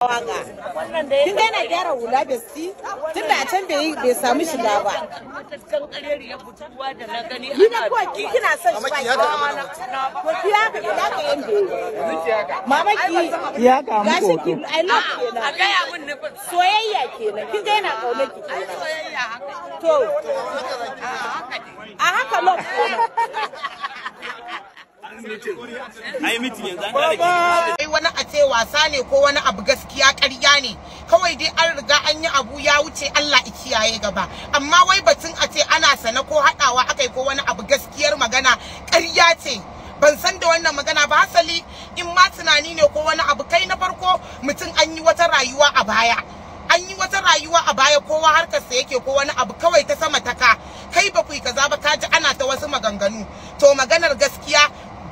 waka kin ga yana gyara hula si? tun da can bai bai samu shiga ba kan kareri ya fituwa da na gani ni kuwa ki kina son shi ba ko ki ka ki haka yanda mama ki ya ka mu ko ki i love you na soyayya kenan kin ga yana ki soyayya haka to a haka love ai yanzu an wasa ne ko wani abu gaskiya ƙarya ne kawai dai an riga an yi abu ya wuce Allah i kiyaye gaba amma wai batun a ce ana sana ko haɗawa akai ko wani abu gaskiyar magana ƙarya ce ban san da wannan magana ba hasali in ma tunani ne ko wani abu kai na farko mutum an yi wata rayuwa a baya an yi wata rayuwa a baya kowa harkarsa yake ko wani abu kawai ta sama ta ka kai ba kaza ba ka ji ana ta wasu maganganu to maganar gaskiya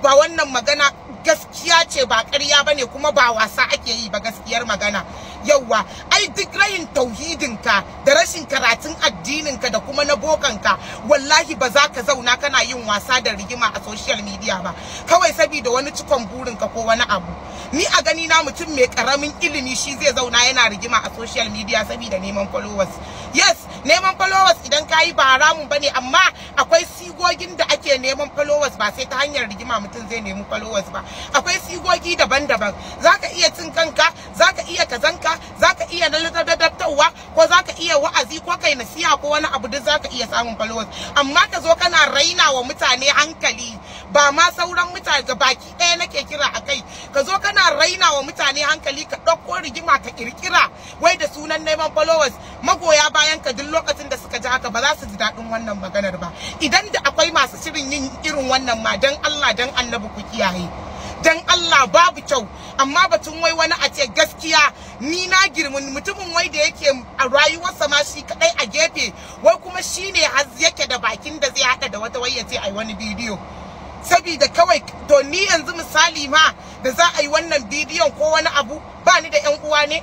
ba wannan magana gaskiya ce ba ƙarya bane kuma ba wasa ake yi ba gaskiyar magana yauwa ai duk rayin tauhidin ka da rashin karatun addininka da kuma na bokanka wallahi ba za ka zauna kana yin wasa da rigima a social media ba kawai saboda wani cikon burinka ko wani abu ni a gani na mutum mai karamin ilimi shi zai zauna yana rigima a social media saboda neman followers yes neman followers idan ka yi ba haramun bane amma akwai sigogin da ake neman followers ba sai ta hanyar rigima mutum zai nemi followers ba akwai sigogi daban-daban zaka iya cin kanka zaka iya kazanka zaka iya ladabtarwa ko zaka iya wa'azi ko kai nasiha ko wani abu duk zaka iya samun followers amma ka zo kana raina wa mutane hankali ba ma sauran mutane ga baki ɗaya nake kira a kai ka zo kana raina wa mutane hankali ka ɗauko rigima ka kirkira wai da sunan neman followers magoya bayan ka duk lokacin da suka ji haka ba za su ji daɗin wannan maganar ba idan da akwai masu shirin yin irin wannan ma dan Allah dan annabi ku kiyaye dan Allah babu kyau amma batun wai wani a ce gaskiya ni na girmin mutumin wai da yake a rayuwarsa ma shi kadai a gefe wai kuma shine har yake da bakin da zai hada da wata wai ce ai wani bidiyo sabida kawai to ni yanzu misali ma da za a yi wannan bidiyon ko wani abu ba ni da yan uwa ne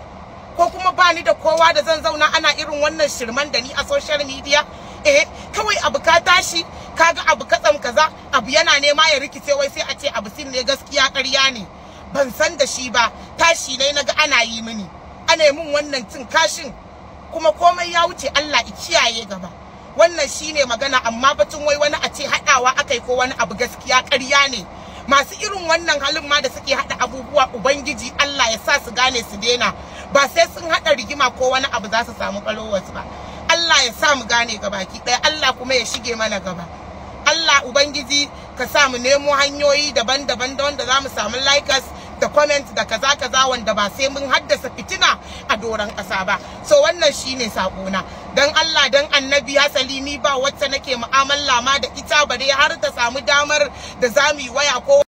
ko kuma ba ni da kowa da zan zauna ana irin wannan shirman da ni a social media eh kawai abu ka tashi kaga abu katsam kaza abu yana nema ya rikice wai sai a ce abu sin ne gaskiya ƙarya ne ban san da shi ba tashi ne naga ana yi mini ana yi min wannan cin kashin kuma komai ya wuce Allah i kiyaye gaba wannan shine magana amma batun wai wani a ce hadawa akai ko wani abu gaskiya ƙarya ne masu irin wannan halin ma da suke hada abubuwa ubangiji Allah ya sa su gane su daina ba sai sun hada rigima ko wani abu za su samu ɓalowarsu ba Allah ya sa mu gane gabaki ɗaya Allah kuma ya shige mana gaba ubangiji ka sa mu nemo hanyoyi daban-daban da wanda za mu samu likers da comment da kaza kaza wanda ba sai mun haddasa fitina a doron ƙasa ba so wannan shine sakona dan Allah dan annabi hasali ni ba wacce nake mu'amala ma da ita bare har ta samu damar da zamu yi waya ko